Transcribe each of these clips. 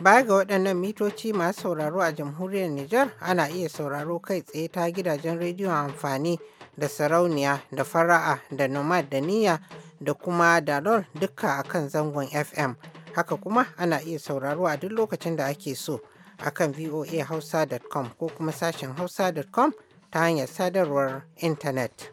Baya ga waɗannan mitoci masu sauraro a jamhuriyar Nijar ana iya sauraro kai tsaye ta gidajen rediyon amfani da sarauniya da fara'a da nomad da niyya da kuma dalol duka a kan zangon FM. Haka kuma ana iya sauraro a duk lokacin da ake so a kan voahausa.com ko kuma sashen hausa.com ta hanyar sadarwar intanet.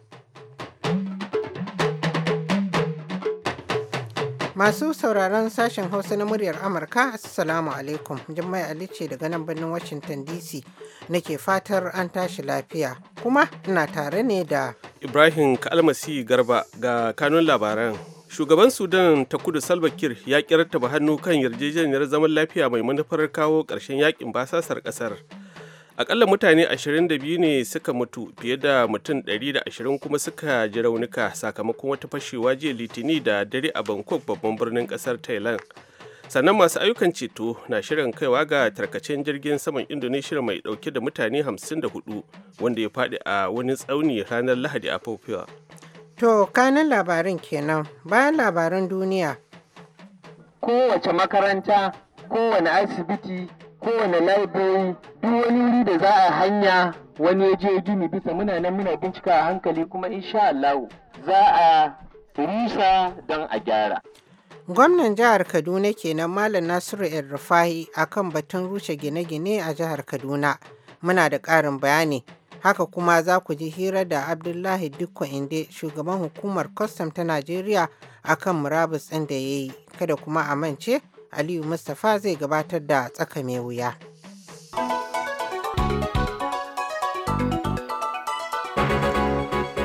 Masu sauraron sashen Hausa na muryar Amurka, Assalamu alaikum. Jummai Ali ce daga nan birnin Washington DC. Nake fatar an tashi lafiya. Kuma ina tare ne da Ibrahim Kalmasi Garba ga kanun labaran. Shugaban Sudan ta kudu Salva Kiir ya kirtaba hannu kan yarjejeniyar zaman lafiya mai manufar kawo ƙarshen yakin basasar ƙasar. akalla mutane 22 ne suka mutu fiye da mutum 120 kuma suka ji raunuka sakamakon wata fashewa jiya litini da dare a bangkok babban birnin kasar thailand sannan masu ayyukan ceto na shirin kaiwa ga tarkacen jirgin saman indonesia mai dauke da mutane 54 wanda ya faɗi a wani tsauni ranar lahadi a Papua. to kanan labarin kenan bayan labarin duniya kowace makaranta kowane asibiti kowane laibori, duk wani wuri da za a hanya wani ya je gini bisa muna nan muna bincika a hankali kuma insha Allah za a rusa don a gyara. Gwamnan jihar Kaduna ke kenan Malam Nasiru El Rufahi kan batun rushe gine-gine a jihar Kaduna. Muna da ƙarin bayani. Haka kuma za ku ji hira da Abdullahi Dikko Inde, shugaban hukumar kwastam ta Najeriya akan murabus ɗin da ya yi. Kada kuma a mance Aliyu Mustapha zai gabatar da tsaka mai wuya.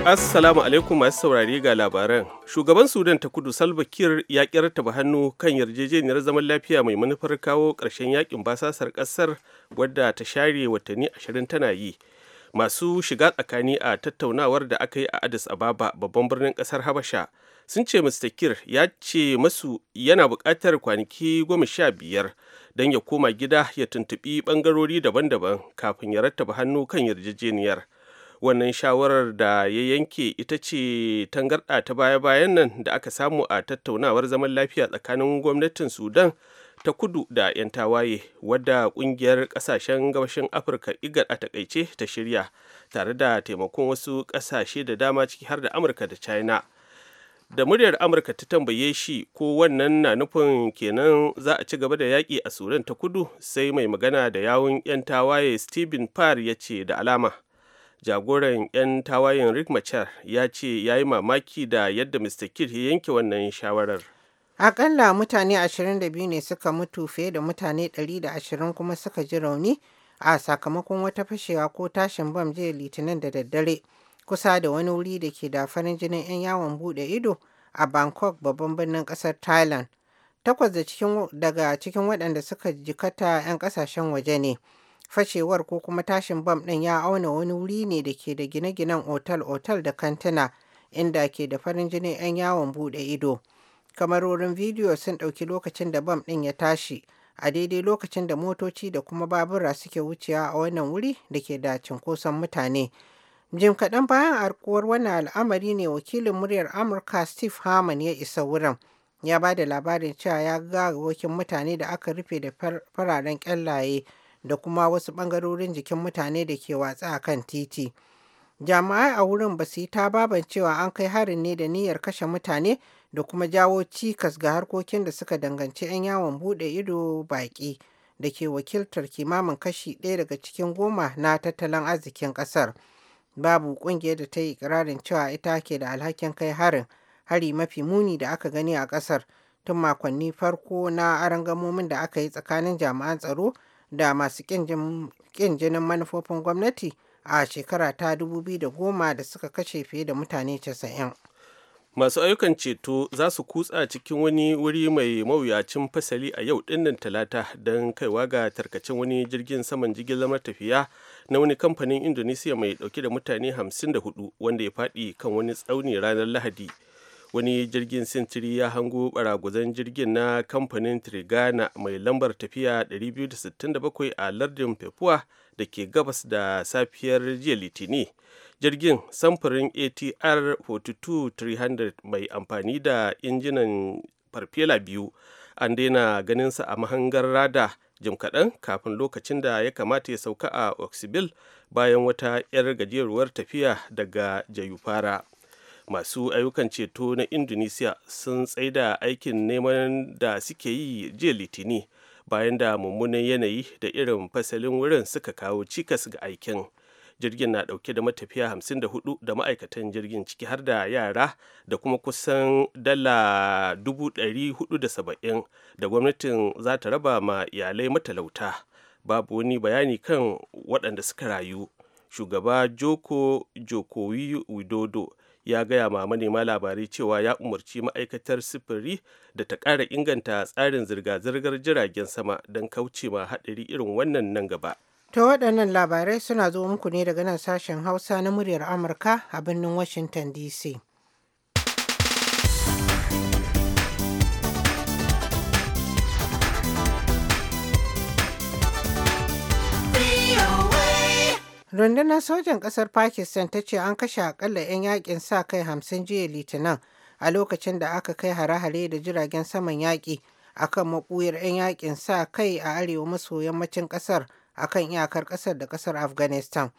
Assalamu alaikum masu saurari ga labaran. Shugaban Sudan ta kudu Salva Kiir ya kirtaba hannu kan yarjejeniyar zaman lafiya mai manufar kawo ƙarshen yakin basasar ƙasar wadda ta share watanni ashirin tana yi. Masu shiga tsakani a tattaunawar da aka yi a Addis Ababa babban birnin ƙasar Habasha sun ce mr kir ya ce masu yana buƙatar kwanaki goma sha biyar don ya koma gida ya tuntuɓi ɓangarori daban-daban kafin ya rattaba hannu kan yarjejeniyar wannan shawarar da ya yanke ita ce tangarɗa ta baya-bayan nan da aka samu a tattaunawar zaman lafiya tsakanin gwamnatin sudan ta kudu da 'yan tawaye wadda ƙungiyar ƙasashen gabashin afirka igar a takaice ta shirya tare da taimakon wasu ƙasashe da dama ciki har da amurka da china da muryar amurka ta tambaye shi ko wannan na nufin kenan za a ci gaba da yaƙi a sudan ta kudu sai mai magana da yawun 'yan tawaye stephen parr ya ce da alama jagoran 'yan tawayen rick machar ya ce ya yi mamaki da yadda mr kir ya yanke wannan shawarar akalla mutane 22 ne suka mutu fiye da mutane 120 kuma suka ji rauni a sakamakon wata fashewa ko tashin bam jiya litinin da daddare kusa da wani wuri da ke da farin jinin 'yan yawon bude ido a Bangkok babban birnin kasar Thailand. Takwas daga cikin waɗanda suka jikata 'yan ƙasashen waje ne. Fashewar ko kuma tashin bam ɗin ya auna wani wuri ne da ke da gine-ginen otal-otal da kantina inda ke da farin jinin 'yan yawon bude ido. Kamarorin bidiyo sun ɗauki lokacin da bam ɗin ya tashi a daidai lokacin da motoci da kuma babura suke wucewa a wannan wuri da ke da cunkoson mutane. Jim kaɗan bayan arkuwar wannan al'amari ne wakilin muryar Amurka Steve Harmon, ya isa wurin. Ya ba da labarin cewa ya ga wakin mutane da aka rufe da fararen ƙyallaye da kuma wasu ɓangarorin jikin mutane da ke watsa a kan titi. Jami'ai a wurin ba su yi ta baban cewa an kai harin ne da niyyar kashe mutane da kuma jawo cikas ga harkokin da suka danganci 'yan yawon buɗe ido baƙi da ke wakiltar kimamin kashi ɗaya daga cikin goma na tattalin arzikin ƙasar. babu ƙungiyar da ta yi ikirarin cewa ita ke da alhakin kai harin hari mafi muni da aka gani a ƙasar tun makonni farko na gamomin da aka yi tsakanin jami'an tsaro da masu ƙin jinin manufofin gwamnati a shekara ta 2010 da suka kashe fiye da mutane 90. masu ayyukan ceto za su kutsa cikin wani wuri mai mawuyacin fasali a yau dinnan talata don kaiwa ga tarkacin wani jirgin saman jigilar tafiya na wani kamfanin indonesiya mai dauke da mutane 54 wanda ya faɗi kan wani tsauni ranar lahadi wani jirgin sintiri ya hango baraguzan jirgin na kamfanin trigana mai lambar tafiya 267 a lardin da da ke gabas da safiyar jiya litini. jirgin samfurin atr 42 mai amfani da injinan farfela biyu an daina ganin sa a mahangar rada jim kaɗan kafin lokacin da ya kamata ya sauka a oxibil bayan wata 'yar gajeruwar tafiya daga jayufara masu ayyukan ceto na indonesia sun tsaida aikin neman da suke yi jiya litini bayan da mummunan yanayi da irin fasalin wurin suka kawo cikas ga aikin jirgin na dauke da matafiya 54 da ma'aikatan jirgin ciki har da yara da kuma kusan dala 470 da gwamnatin za ta raba ma iyalai matalauta babu wani bayani kan waɗanda suka rayu shugaba joko jokowi widodo ya gaya ma manema labarai cewa ya umarci ma'aikatar sifiri da ta ƙara inganta tsarin zirga-zirgar jiragen sama don kauce ma haɗari irin wannan nan gaba To waɗannan labarai suna zo muku ne daga nan sashen Hausa na muryar Amurka a birnin Washington DC. Rundunar sojan ƙasar Pakistan ta ce an kashe akalla 'yan yaƙin sa kai hamsin jiya Litinin a lokacin da aka kai hare-hare da jiragen saman yaƙi akan maɓuyar 'yan yaƙin sa kai a arewa maso yammacin ƙasar. a kan iyakar ƙasar da ƙasar afghanistan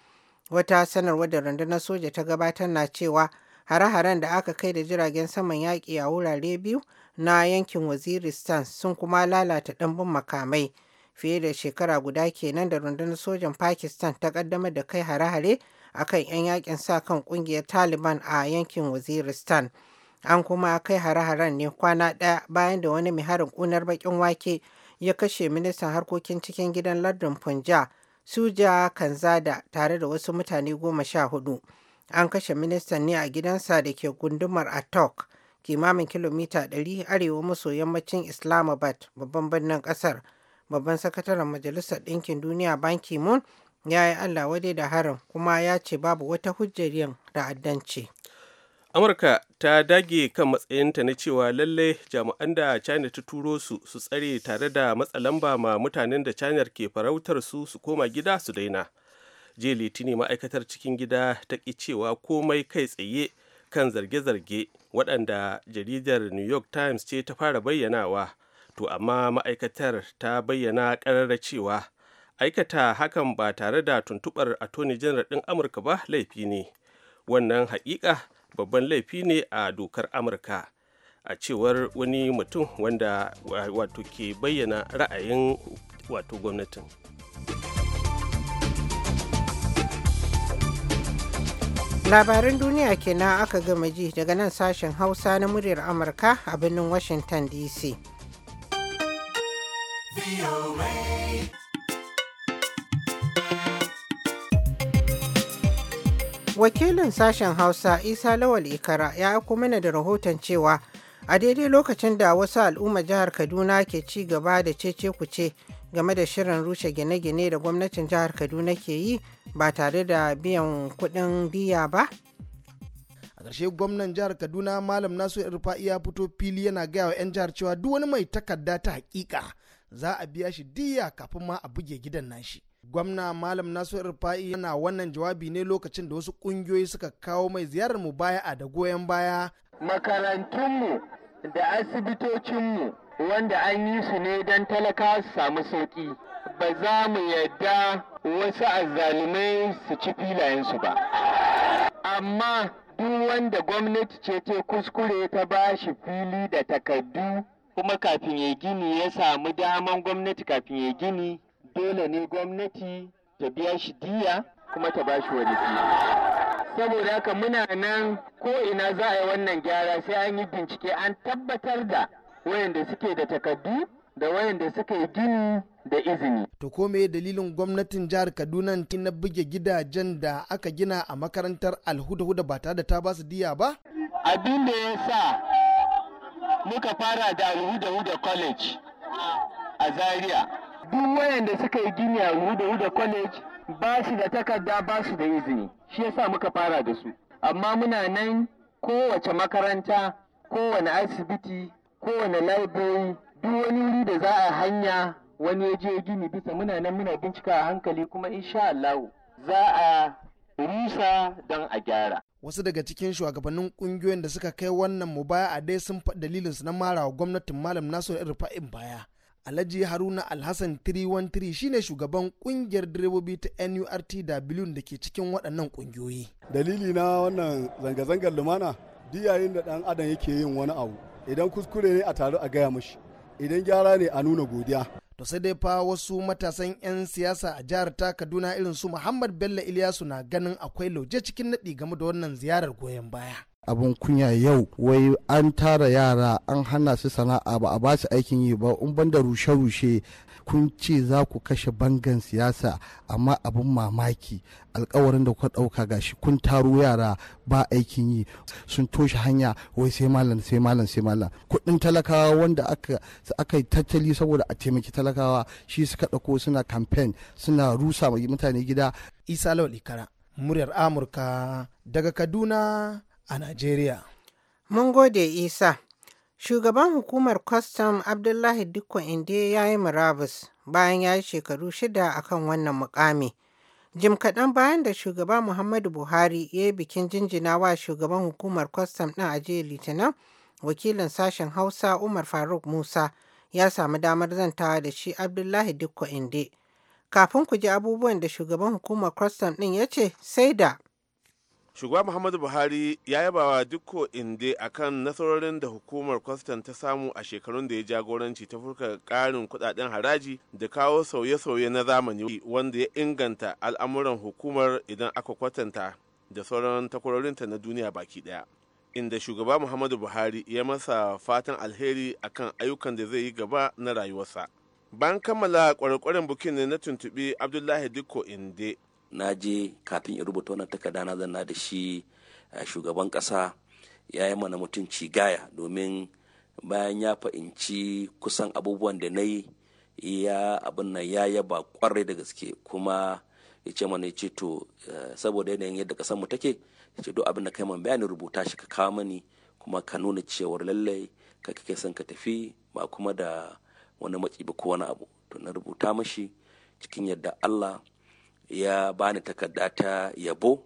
wata sanarwar da rundunar soja ta gabatar na cewa hare-haren da aka kai da jiragen saman yaƙi a wurare biyu na yankin waziristan sun kuma lalata ɗanbin makamai fiye da shekara guda kenan da rundunar sojan pakistan ta ƙaddamar da kai hare-hare a kan 'yan yakin sa kan ƙungiyar taliban a yankin waziristan an kuma kai hare-haren ne kwana ɗaya bayan da wani mai harin ƙunar baƙin wake ya kashe ministan harkokin cikin gidan lardin punja suja kanzada tare da wasu mutane goma sha hudu an kashe ministan ne a gidansa da ke gundumar atok kimamin kilomita 100 arewa maso yammacin islamabad babban birnin kasar babban sakataren majalisar ɗinkin duniya banki Mun. ya yi allah wade da harin kuma ya ce babu wata hujjar yin ra'addanci amurka ta dage kan matsayinta na cewa lalle jami'an da china ta turo su su tsare tare da matsalamba ma mutanen da china ke farautar su su koma gida su daina jiya litini ma'aikatar cikin gida ta ki cewa komai kai tsaye kan zarge-zarge waɗanda jaridar new york times ce ta fara bayyanawa to amma ma'aikatar ta bayyana ƙararra cewa aikata hakan ba tare da tuntuɓar attorney general ɗin amurka ba laifi ne wannan haƙiƙa babban laifi ne a dokar amurka a cewar wani mutum wanda wato ke bayyana ra'ayin wato gwamnatin labaran duniya kenan aka gama ji daga nan sashen hausa na muryar amurka a birnin washington dc wakilin sashen hausa isa lawal ikara ya aiko mana da rahoton cewa a daidai lokacin da wasu al'umma jihar kaduna ke ci gaba da cece kuce game da shirin rushe gine-gine da gwamnatin jihar kaduna ke yi ba tare da biyan kudin biya ba a ƙarshe gwamnan jihar kaduna malam nasu rufa'i ya fito fili yana gaya wa 'yan jihar cewa duk wani mai takarda ta hakika za a biya shi diya kafin ma a buge gidan nashi gwamna malam nasu rufa'i yana wannan jawabi ne lokacin da wasu kungiyoyi suka kawo mai ziyarar mu baya a da goyon baya makarantunmu da asibitocinmu wanda an yi su ne don talaka su samu sauƙi ba za mu yadda wasu azzalumai su ci filayensu ba amma duk wanda gwamnati ce ta kuskure ta ba shi fili da takardu kuma kafin ya gini ya samu daman gwamnati kafin ya gini dole ne gwamnati ta biya shi diya kuma ta ba shi wani saboda haka muna nan ko ina za a yi wannan gyara sai an yi bincike an tabbatar da wayanda suke da takardu da wayanda suka yi gini da izini. To ko me dalilin gwamnatin jihar Kaduna na buge gidajen da aka gina a makarantar alhuda-huda ba tare da ta ba su diya ba? Abin da ya sa muka fara da alhudahuda huda college a Zaria. duk wayanda suka yi gini a Wuda Wuda College ba su da takarda ba su da izini shi yasa muka fara da su amma muna nan kowace makaranta kowane asibiti kowane library duk wani wuri da za a hanya wani ya je gini bisa muna nan muna bincika a hankali kuma insha Allah za a rusa don a gyara wasu daga cikin shugabannin kungiyoyin da suka kai wannan mubaya a dai sun faɗi dalilinsu na marawa gwamnatin malam nasiru rufain baya Alhaji Haruna Alhassan 313 shine shugaban kungiyar direbobi ta NURTW da ke cikin waɗannan kungiyoyi. Dalili na wannan zanga-zangar lumana diyayin da ɗan adam yake yin wani abu idan kuskure ne a taru a gaya mashi idan gyara ne a nuna godiya. To sai dai fa wasu matasan 'yan siyasa a jihar ta Kaduna irin su Muhammad Bello Ilyasu na ganin akwai lauje cikin naɗi game da wannan ziyarar goyon baya. abin kunya yau wai an tara yara an hana su sana'a ba a ba su aikin yi ba in banda rushe-rushe kun ce za ku kashe bangan siyasa amma abin mamaki alkawarin da kuka ɗauka gashi kun taro yara ba aikin yi sun toshe hanya wai sai malam sai malam sai malam kuɗin talakawa wanda aka yi tattali saboda a taimaki talakawa shi suka ɗauko suna kamfen suna rusa mutane gida isa lawal ikara muryar amurka daga kaduna a Najeriya. Mun gode Isa. Shugaban hukumar kwastam Abdullahi Dikko Inde ya yi murabus bayan ya yi shekaru shida a kan wannan mukami. Jim kaɗan bayan da shugaba Muhammadu Buhari ya yi bikin jinjina wa shugaban hukumar kwastam ɗin a jiya Litinin, wakilin sashen Hausa Umar Faruk Musa ya samu damar zantawa da shi Abdullahi Dikko Inde. Kafin ku ji abubuwan da shugaban hukumar kwastam ɗin ya ce sai da shugaba muhammadu buhari ya yaba wa dukko inde akan nasarorin da hukumar kwastan ta samu a shekarun da ya jagoranci ta furka karin kudaden haraji da kawo sauye-sauye na zamani wanda ya inganta al'amuran hukumar idan aka kwatanta da sauran takwarorinta na duniya baki daya inda shugaba muhammadu buhari ya masa fatan alheri akan ayyukan da zai yi gaba na rayuwarsa bayan kammala kwarkwarin bukin ne na tuntuɓi abdullahi dukko inde na je kafin in rubuta wannan takarda na zanna da shi eh, shugaban kasa ya yi mana mutunci gaya domin bayan ya fahimci kusan abubuwan da na yi ya abin nan ya yaba kwarai da gaske kuma ya ce mana ya ce to eh, saboda yanayin yadda kasan mu take ya ce duk abin da kai man bayani rubuta shi ka kawo mani kuma ka nuna cewar lallai ka kake son ka tafi ba kuma da wani matsi ba ko wani abu to na rubuta mashi cikin yadda Allah ya bani takarda ta yabo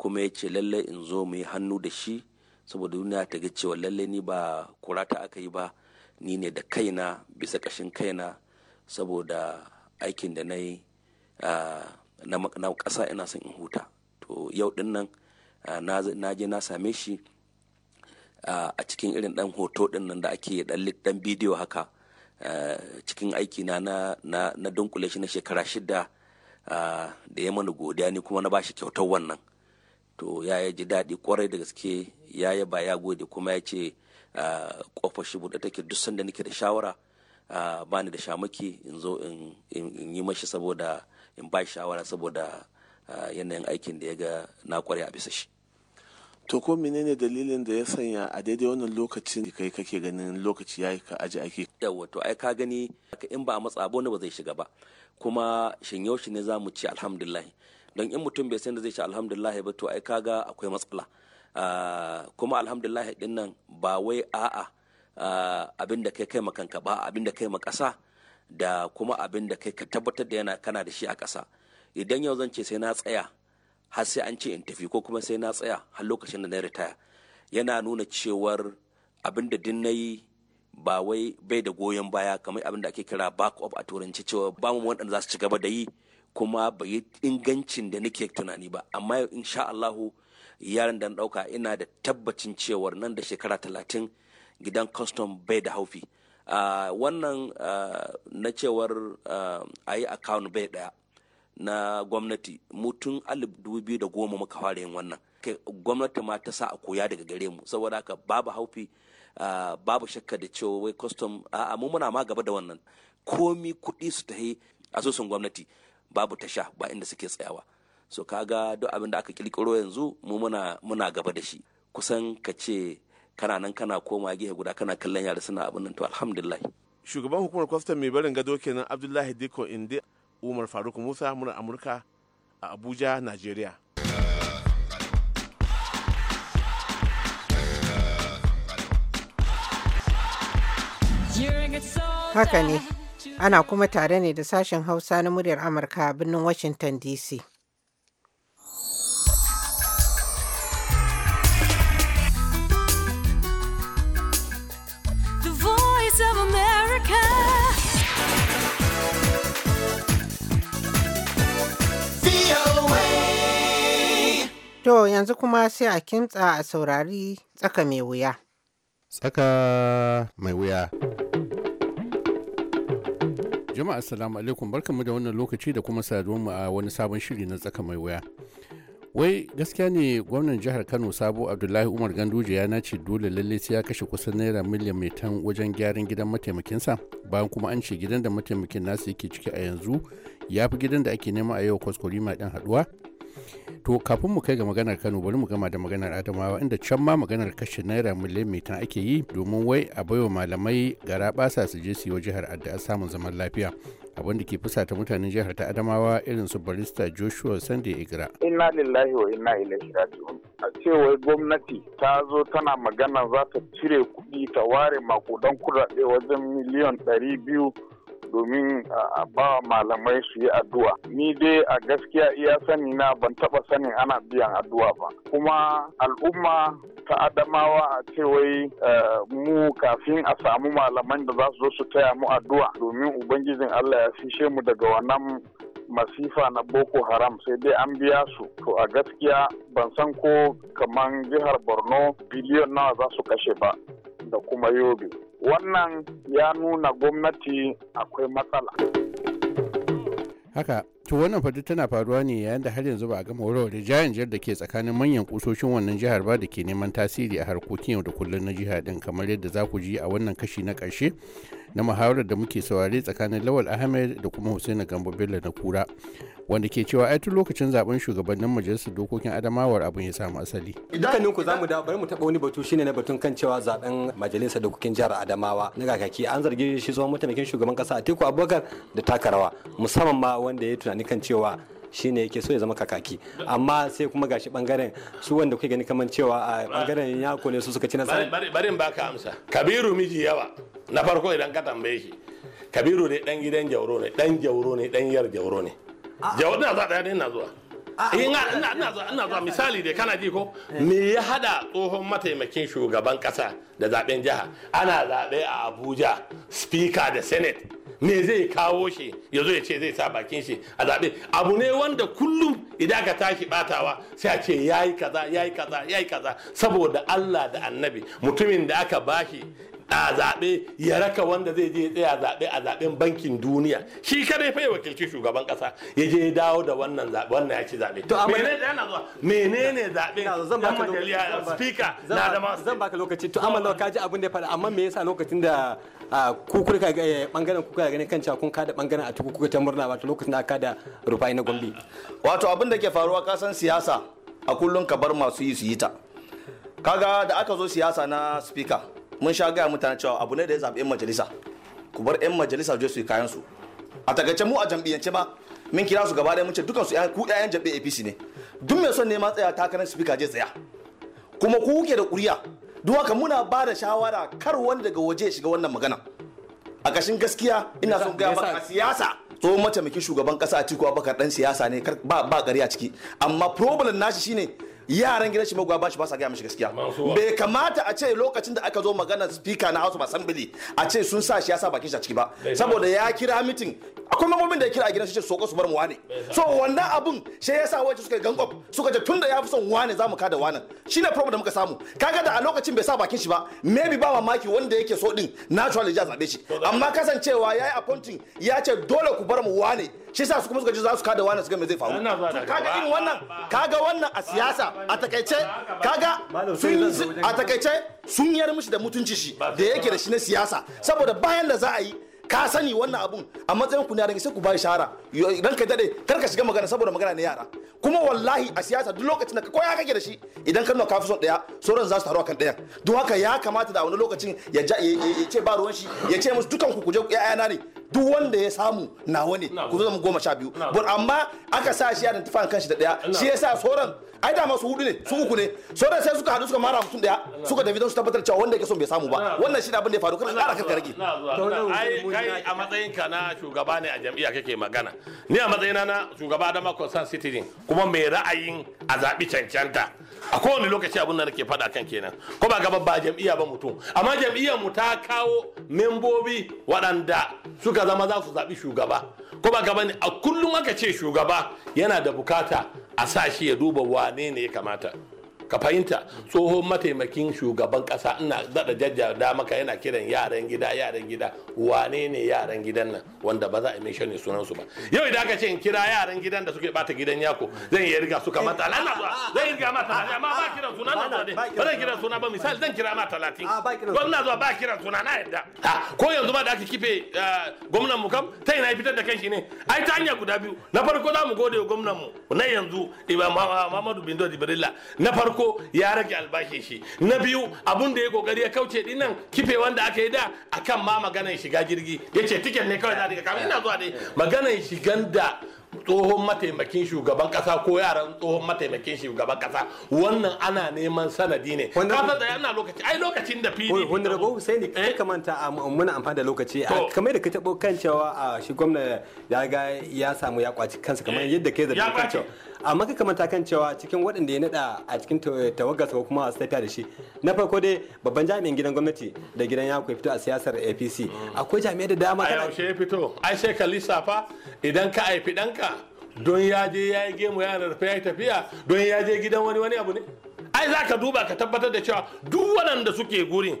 kuma ya ce lallai in zo mu yi hannu da shi saboda duniya ta ga cewa lallai ni ba kurata aka yi ba ni ne da kaina bisa ƙashin kaina saboda aikin da na yi na ƙasa ina son in huta to yau din nan na je na same shi a cikin irin ɗan hoto ɗin nan da ake ɗan dan bidiyo haka cikin aiki na na dunkule shi na shekara shida Ah, da ya mana godiya ni kuma na ba shi kyautar wannan to ya yi ji daɗi kwarai da gaske ya yi ba ya gode kuma ya ce kofar ah, shi buɗe take duk sanda nake da shawara ah, ba ni da shamaki in zo in yi mashi saboda in ba shawara saboda yanayin aikin da ya ga na kware a bisa shi to ko menene dalilin da ya sanya a daidai wannan lokacin da kai kake ganin lokaci ya yi ka aji ake yawa to ai ka gani in ba a matsa abu ba zai shiga ba kuma shin shi ne za mu ci alhamdulillah don in mutum bai san da zai ci alhamdulillah ba to ai kaga akwai matsala ah, kuma alhamdulillah din nan ba wai a'a ah, abin da kai kai makanka ba abin da kai makasa da kuma abin da kai ka tabbatar da yana kana da shi a ƙasa idan yau zan ce sai na tsaya har sai an ce in tafi ko kuma sai na tsaya har lokacin da na ritaya yana nuna cewar abin da din na ba wai bai da goyon baya kamar abin da ake kira back up a turanci cewa ba mu waɗanda za su ci gaba da yi kuma ba yi ingancin da nake tunani ba amma insha Allahu yaran da na ɗauka ina da tabbacin cewar nan da shekara talatin gidan custom bai da haufi wannan na cewar a yi account bai ɗaya na gwamnati mutum alif dubu da goma muka fara yin wannan gwamnati ma ta sa a koya daga gare mu saboda haka babu haufi Ah, babu shakka da cewa wai custom a mu muna ma gaba da wannan komi kuɗi su ta tahi asusun gwamnati babu tasha ba inda suke tsayawa so ga duk abin da aka kirkiro yanzu mu muna gaba da shi kusan ka ce kana nan kana koma gehe guda kana kallon yara suna abin nan to alhamdulillah shugaban hukumar kwastam mai barin gado kenan abdullahi diko inde umar faruk musa muna amurka a abuja nigeria Haka ne, ana kuma tare ne da sashen Hausa na muryar Amurka a birnin Washington DC. To yanzu kuma sai a kimtsa a saurari tsaka mai wuya. Tsaka mai wuya. Jama'a assalamu alaikum barkanmu da wannan lokaci da kuma mu a wani sabon shiri na tsaka mai wuya. Wai gaskiya ne gwamnan jihar Kano Sabo Abdullahi Umar Ganduje ya nace dole lalle sai ya kashe kusan naira miliyan mai tan wajen gyaran gidan mataimakinsa bayan kuma an ce gidan da mataimakin nasu yake ciki a yanzu ya fi gidan da ake nema a yau ma din haɗuwa to kafin mu kai ga maganar kano bari mu gama da maganar adamawa inda can ma maganar kashe naira miliyan mita ake yi domin wai a baiwa malamai gara basa su je su yi wa jihar addu'a samun zaman lafiya abin da ke fusata mutanen jihar ta adamawa irin su barista joshua sunday igra inna lillahi wa inna ilaihi raji'un a cewar gwamnati ta zo tana magana za ta cire kuɗi ta ware makudan kuɗaɗe wajen miliyan ɗari biyu domin a ba malamai su yi addu'a ni dai a gaskiya iya sani na ban taba sanin ana biyan addu'a ba kuma al'umma ta adamawa a ce wai mu kafin a samu malaman da za su zo su taya mu addu'a domin ubangijin Allah ya fishe mu daga wannan masifa na boko haram sai dai an biya su to a gaskiya ban san ko kaman jihar borno biliyon nawa za su kashe ba da kuma yobe wannan ya nuna gwamnati akwai matsala haka to wannan fadi tana faruwa ne yayin da har yanzu ba a gama warware jayanjar da ke tsakanin manyan kusoshin wannan jihar ba da ke neman tasiri a harkokin yau da kullum na jiha din kamar yadda za ku ji a wannan kashi na ƙarshe na muhawarar da muke saurare tsakanin lawal ahmed da kuma husaini gambo bello na kura wanda ke cewa ai tun lokacin zaben shugabannin majalisar dokokin adamawar abin ya samu asali dukkanin ku zamu dawo bari mu taba wani batu shine na batun kan cewa zaben majalisar dokokin jihar adamawa na kakaki an zargi shi zuwa mataimakin shugaban kasa atiku abubakar da taka musamman ma wanda ya tunani kan cewa shine yake so ya zama kakaki amma sai kuma gashi bangaren su wanda kuke gani kamar cewa a bangaren yako ne su suka ci nasara barin baka amsa kabiru miji yawa na farko idan ka tambaye shi kabiru ne dan gidan jauro ne dan jauro ne dan yar jauro ne jauro na za daya ne na eh, zuwa ina zuwa misali dai kana ji ko me ya hada tsohon mataimakin shugaban kasa da zaben jiha ana zabe a abuja speaker da senate Ne zai kawo shi ya zo ya ce zai sa bakin shi a zaɓe abu ne wanda kullum idan ka tashi batawa sai a ce ya yi kaza ya yi kaza ya yi kaza saboda allah da annabi mutumin da aka bashi a zaɓe ya raka wanda zai je tsaya zaɓe a zaɓen bankin duniya shi kada ya ya wakilci shugaban ƙasa ya je dawo da wannan zaɓe wannan ya ce zaɓe to amma ne yana zuwa menene zaɓe zan baka lokaci speaker na da masu zan baka lokaci to amma lokaci ji abin da ya faɗa amma me yasa lokacin da ku kurka bangaren kuka eh, ganin kan cewa kun kada bangaren a tuku kuka ta murna wato lokacin da aka da rufai na gombe wato abin da ke faruwa kasan siyasa a kullum ka bar masu yi su yi ta kaga da aka zo siyasa na speaker mun sha gaya mutane cewa abu ne da ya zaɓi 'yan majalisa ku bar 'yan majalisa je su yi kayan su a takaice mu a jam'iyyance ba, mun kira su gaba ɗaya mun ce dukan su ku 'ya'yan jam'iyyar APC ne duk mai son neman tsaya takarar speaker je tsaya kuma ku kuke da ƙuriya duk haka muna ba da shawara kar wani daga waje ya shiga wannan magana a kashin gaskiya ina son gaya maka siyasa tsohon mataimakin shugaban kasa a tiku abakar dan siyasa ne ba ba gari a ciki amma problem nashi shine yaran gidan shi magwa ba shi ba sa gaya mishi gaskiya bai kamata a ce lokacin da aka zo magana speaker na house of assembly a ce sun sa shi ya sa bakin shi a ciki ba saboda ya kira meeting akwai mambobin da ya kira a gidan shi ce soko su bar mu wane so wannan abun shi ya sa wace suka yi suka ce tunda ya fi son wane za ka kada wanan shine problem da muka samu kaga da a lokacin bai sa bakin shi ba maybe ba mamaki wanda yake so din naturally ya zabe shi amma kasancewa yayi appointing ya ce dole ku bar mu wane shi sa su kuma suka ji za su kada wani su ga zai faru kaga irin wannan kaga wannan a siyasa a takaice kaga sun a takaice sun yar mishi da mutunci shi da yake da shi na siyasa saboda bayan da za a yi ka sani wannan abun a matsayin ku na yaran sai ku bai shara idan ka dade kar ka shiga magana saboda magana ne yara kuma wallahi a siyasa duk lokacin da ya kake da shi idan ka nuna ka fi son daya sauran za su taru akan daya don haka ya kamata da wani lokacin ya ce ba ruwan shi ya ce musu dukan ku kuje ku na ne duk wanda ya samu nawa ne ku zama goma sha biyu but amma aka sa shi yaran tufan kanshi da daya shi yasa sauran ai da masu hudu ne su uku ne sauran sai suka hadu suka mara mutum daya suka tafi don su tabbatar cewa wanda yake son bai samu ba wannan shi da abin da ya faru kana kara karka rage ai kai a matsayin ka na shugaba ne a jam'iyya kake magana ni a matsayina na shugaba da makon san citizen kuma mai ra'ayin a zabi cancanta a kowane lokaci abin da nake faɗa kan kenan ko ba gaba ba jam'iyya ba mutum amma jam'iyyar mu ta kawo membobi waɗanda suka zama za su zaɓi shugaba ko ba gaba ne a kullum aka ce shugaba yana da bukata a sa shi ya duba wane ne ya kamata ka fahimta tsohon mataimakin shugaban kasa ina daɗa jajjada maka yana kiran yaran gida yaran gida wane ne yaran gidan nan wanda ba za a mai shani sunan su ba yau idan aka ce in kira yaran gidan da suke bata gidan yako zan iya riga suka mata nan eh, ah, na ah, zan iya riga ma talata ah, amma ba kiran sunan nan ne ba zan kiran suna ba misali zan kira ma talatin don na zuwa ba kiran suna na yadda ko yanzu ma da aka kife eh, gwamnan mu kam ta ina fitar da kanshi ne ai ta hanya guda biyu na farko za mu gode wa gwamnan mu na yanzu Muhammadu Bindo Jibrilla na farko farko ya rage albashi shi na biyu abun da ya kokari ya kauce din nan kife wanda aka yi da akan ma maganar shiga jirgi yace tiket ne kawai za ka kamar ina zuwa dai maganar shigan da tsohon mataimakin shugaban kasa ko yaran tsohon mataimakin shugaban kasa wannan ana neman sanadi ne kasa da yana lokaci ai lokacin da pdp wanda rabo husaini kai eh? kamanta manta a ah, muna amfani da lokaci ah, kamar da ka tabo kan cewa ah, shi gwamna ya ga ya samu ya kwaci kansa kamar eh. yadda kai da kan cewa amma ka kamata kan cewa cikin waɗanda ya nada a cikin tawagarsa ko kuma su tafiya da shi na farko dai babban jami'in gidan gwamnati da gidan ya kai fito a siyasar APC akwai jami'ai da dama a yaushe ya fito ai sai ka lissafa idan ka aifi ɗanka don ya je ya yi gemu ya rarrafe ya tafiya don ya je gidan wani wani abu ne ai za ka duba ka tabbatar da cewa duk waɗanda suke gurin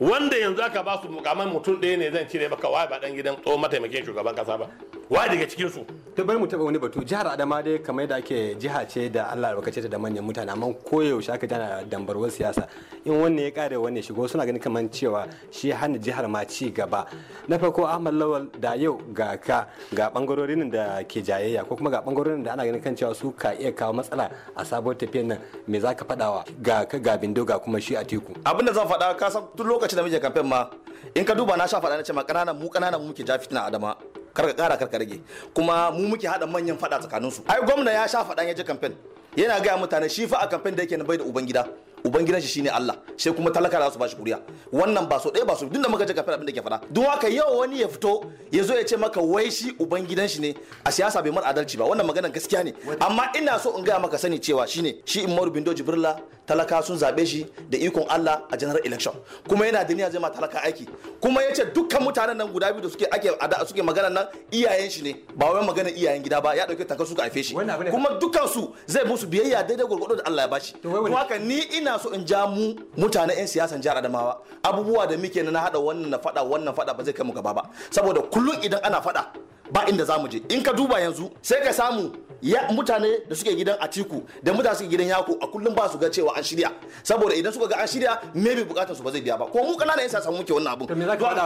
wanda yanzu aka ba su mukamman mutum ɗaya ne zan cire maka wa ba dan gidan tsohon mataimakin shugaban kasa ba wa daga cikin su to bari mu taba wani batu jihar adama dai kamar da ake jiha ce da Allah albarkace ta da manyan mutane amma koyaushe aka jana dambarwar siyasa in wanne ya kare wanne shigo suna ganin kamar cewa shi hannu jihar ma ci gaba na farko Ahmad Lawal da yau ga ka ga bangarorin da ke jayayya ko kuma ga bangarorin da ana ganin kan cewa su ka iya kawo matsala a sabuwar tafiyar nan me zaka fadawa ga ka ga bindo ga kuma shi a teku abin da zan faɗa ka san tun lokacin da muke kamfen ma in ka duba na sha faɗa na ce ma ƙananan mu ƙananan mu muke ja fitina adama karka kara karka rage kuma mu muke hada manyan fada su. ai gwamna ya sha fadan ya je kamfen yana gaya mutane shi fa a kamfen da yake na bai da ubangida. ubangidan shi shine Allah sai kuma talaka za su bashi kuriya wannan ba so ɗaya ba so duk da muka ji kafin abin da ke faɗa don haka yau wani ya fito ya zo ya ce maka wai shi ubangidan shi ne a siyasa bai mar adalci ba wannan maganar gaskiya ne amma ina so in gaya maka sani cewa shine shi Umaru Bindo Jibrilla talaka sun zabe shi da ikon Allah a general election kuma yana da niyya zai ma talaka aiki kuma ya ce dukkan mutanen nan guda biyu da suke ake suke magana nan iyayen shi ne ba wai magana iyayen gida ba ya dauke tankar ka haife shi kuma dukkan su zai musu biyayya daidai gurgudu da Allah ya bashi don haka ni ina ina so in ja mu mutanen 'yan siyasan jihar adamawa abubuwa da muke na hada wannan na fada wannan fada ba zai kai mu gaba ba saboda kullum idan ana fada ba inda za mu je in ka duba yanzu sai ka samu ya mutane da suke gidan atiku da mutane suke gidan yako a kullum ba su ga cewa an shirya saboda idan suka ga an shirya maybe bukatar su ba zai biya ba ko mu kanana yasa samu muke wannan abun to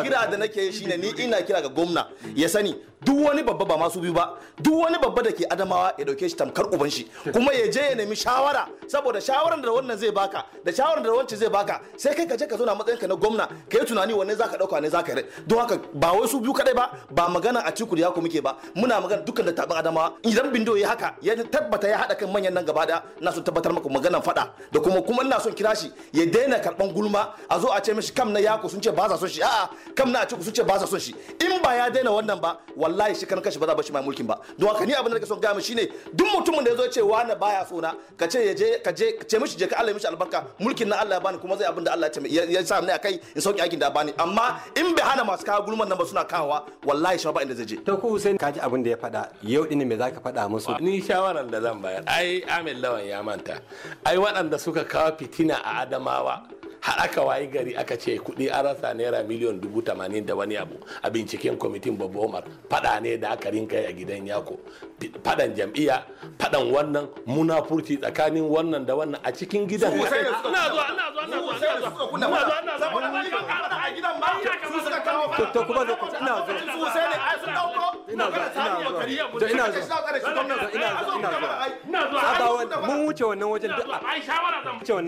kira da nake shine ni ina kira ga gwamna ya sani duk wani babba ba masu biyu ba duk wani babba da ke adamawa ya dauke shi tamkar uban shi kuma ya je ya nemi shawara saboda shawaran da wannan zai baka da shawaran da wancan zai baka sai kai ka je ka zo na matsayin ka na gwamna ka yi tunani wanne zaka dauka ne zaka yi don haka ba wai su biyu kadai ba ba magana atiku da ku muke ba muna magana dukkan da taɓin adamawa idan bindo ya haka ya tabbata ya haɗa kan manyan nan gaba da na son tabbatar maka maganan faɗa da kuma kuma ina son kira shi ya daina karɓan gulma a zo a ce mishi kam na yaku sun ce ba sa son shi a'a kam na a ce sun ce ba sa son shi in ba ya daina wannan ba wallahi shi kan kashi ba za ba shi mai mulkin ba don haka ni abin da nake son gaya shine duk mutumin da ya zo ce wani baya sona ka ce ya je ka je ce mishi je ka Allah ya mishi albarka mulkin na Allah ya bani kuma zai abin da Allah ya ya sa ni akai in sauki aikin da bani amma in bai hana masu kawo gulman nan ba suna kawowa wallahi shi ba inda zai je to ku sai kaji abin da ya faɗa yau ɗin me zaka faɗa musu ni shawaran da zan bayar ai amin lawan ya manta ai waɗanda suka kawo fitina a adamawa har aka wayi gari aka ce kudi an rasa naira miliyan dubu tamanin da wani abu a binciken kwamitin babu omar fada ne da aka rinka a gidan yako fadan jam'iyya fadan wannan munafurci tsakanin wannan da wannan a cikin gidan ina zuwa ina zuwa ina zuwa ina zuwa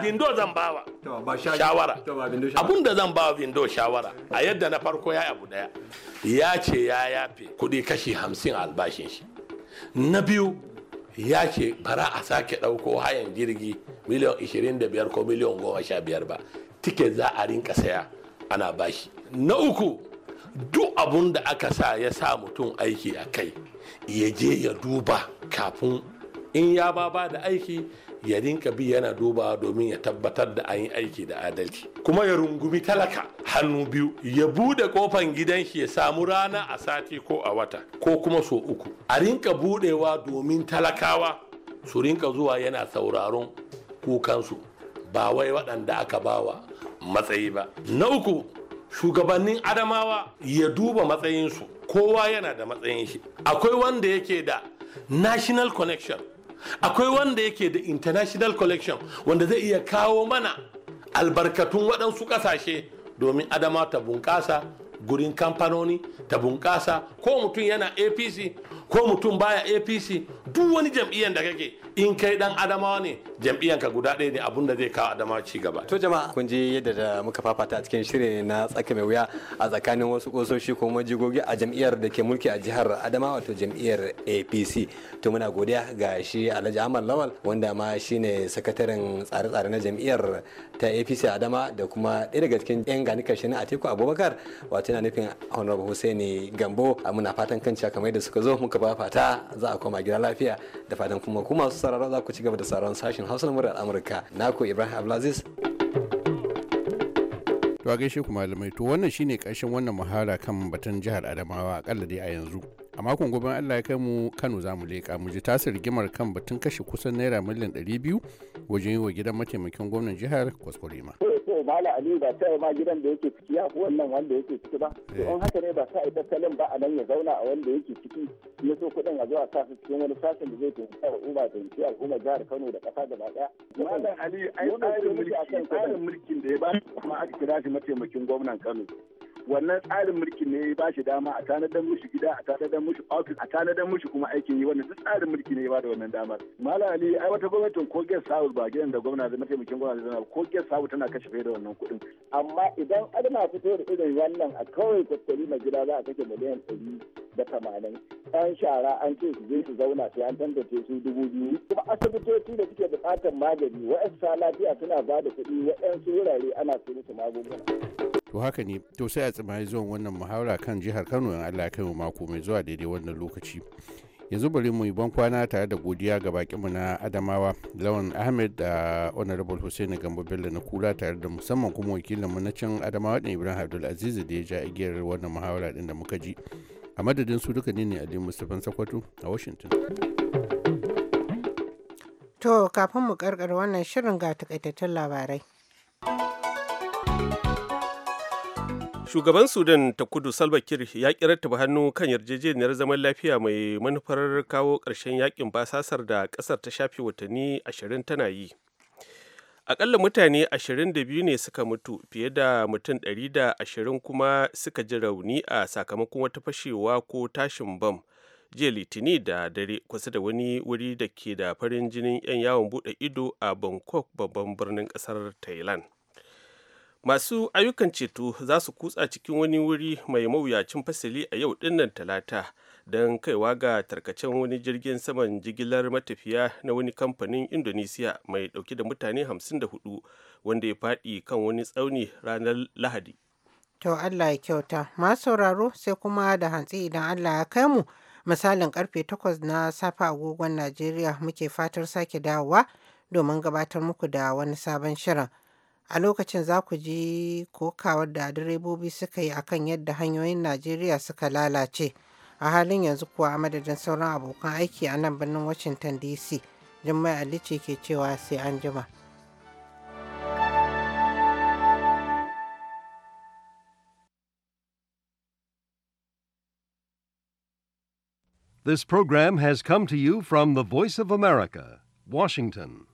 ina zuwa Vindo zan bawa shawara. Abun zan bawa Vindo shawara a yadda na farko ya abu daya ya ce ya yafe kuɗi kashi hamsin albashin shi. Na biyu ya ce bara a sake ɗauko hayan jirgi miliyan 25 ko miliyan 15 ba tiket za a rinka saya ana bashi. Na uku duk abun da aka sa ya sa mutum aiki a kai ya je ya duba kafin in ya ba da aiki ya rinka bi yana dubawa domin ya tabbatar da an yi aiki da adalci kuma ya rungumi talaka hannu biyu ya bude kofan gidan shi ya samu rana a sati ko a wata ko kuma so uku a rinka budewa domin talakawa su rinka zuwa yana sauraron kukansu ba wai waɗanda aka bawa matsayi ba na uku shugabannin adamawa ya duba matsayinsu kowa yana da matsayin shi akwai wanda yake da national connection akwai wanda yake da international collection wanda zai iya kawo mana albarkatun waɗansu ƙasashe domin adama ta bunƙasa gurin kamfanoni ta bunƙasa ko mutum yana apc ko mutum baya apc duk wani jam'iyyar da kake in kai dan adamawa ne ka guda ɗaya ne abun da zai kawo adama ci gaba to jama'a kun ji yadda da muka fafata a cikin shirin na tsaka mai wuya a tsakanin wasu kososhi ko majigogi a jam'iyyar da ke mulki a jihar adamawa to jam'iyyar apc to muna godiya ga shi alhaji ahmad lawal wanda ma shine sakataren tsare-tsare na jam'iyyar ta apc adama da kuma ɗaya daga cikin yan gani karshe na atiku abubakar wato yana nufin honorable husaini gambo muna fatan kan kamar da suka zo muka ba fata za a koma gida lafiya da fatan kuma kuma masu sauraro za ku ci gaba da sauran sashen hausa na murar amurka nako ibrahim abdulaziz to a gaishe ku malamai to wannan shine karshen wannan muhara kan batun jihar adamawa akalla dai a yanzu a makon gobe allah ya kai mu kano za mu leƙa mu ji tasir rigimar kan batun kashe kusan naira miliyan 200 wajen yi wa gidan mataimakin gwamnan jihar kwaskwarima. mala aliyu ba ta ma gidan da yake ciki ya wannan wanda yake ciki ba to eh. in haka ne ba sa ita salon ba a nan ya zauna a wanda yake ciki ya so kuɗin a zuwa sa su cikin wani sashen da zai tuntuɓa al'umma tuntuɓa al'umma jihar kano da ƙasa gaba ɗaya. malam aliyu ai tsarin mulki tsarin mulkin da ya ba kuma aka kira shi mataimakin gwamnan kano wannan tsarin mulki ne ba shi dama a tanadar mushi gida a tanadar mushi ofis a tanadar mushi kuma aikin yi wannan duk tsarin mulki ne ya da wannan damar malam ali ai wata gwamnatin ko gas sawu ba gidan da gwamna da mataimakin gwamna da ko gas sawu tana kashe fiye da wannan kuɗin amma idan adana fito da irin wannan a kawai tattali na gida za a kashe miliyan ɗari da tamanin ɗan shara an ce su je su zauna sai an tantance su dubu biyu kuma asibitoci da suke buƙatar magani wa'yansu lafiya suna ba da kuɗi wa'yansu wurare ana su musu magunguna. to haka ne to sai a tsimai zuwan wannan muhawara kan jihar kano in allah kai mako mai zuwa daidai wannan lokaci yanzu bari mu yi ban kwana tare da godiya ga bakinmu na adamawa lawan ahmed da honorable hussein gambo bello na kula tare da musamman kuma wakilinmu na can adamawa ɗin ibrahim abdul aziz da ya ja igiyar wannan muhawara ɗin da muka ji a madadin su duka ne ne mustapha sakwato a washington to kafin mu karkar wannan shirin ga takaitattun labarai shugaban sudan ta kudu salva kir ya ba hannu kan yarjejeniyar zaman lafiya mai manufar kawo ƙarshen yakin basasar da ƙasar ta shafe watanni 20 tana yi akalla mutane 22 ne suka mutu fiye da mutum 120 kuma suka ji rauni a sakamakon wata fashewa ko tashin bam jiya litini da dare kusa da wani wuri da ke da farin jinin 'yan yawon bude ido a bangkok babban birnin kasar thailand masu ayyukan ceto za su kutsa cikin wani wuri mai mawuyacin fasali a yau dinnan talata don kaiwa ga tarkacen wani jirgin saman jigilar matafiya na wani kamfanin indonesia mai dauke da mutane 54 wanda ya faɗi kan wani tsauni ranar lahadi to allah ya kyauta masu sauraro sai kuma da hantsi idan allah ya kai mu misalin karfe 8 na safe agogon najeriya muke fatar sake dawowa domin gabatar muku da wani sabon shirin A lokacin za ku ji kokawar da direbobi suka yi akan yadda hanyoyin Najeriya suka lalace. A halin yanzu kuwa a madadin sauran abokan aiki a nan birnin Washington DC, Jummai Ali ce ke cewa sai an jima. This program has come to you from the Voice of America, Washington.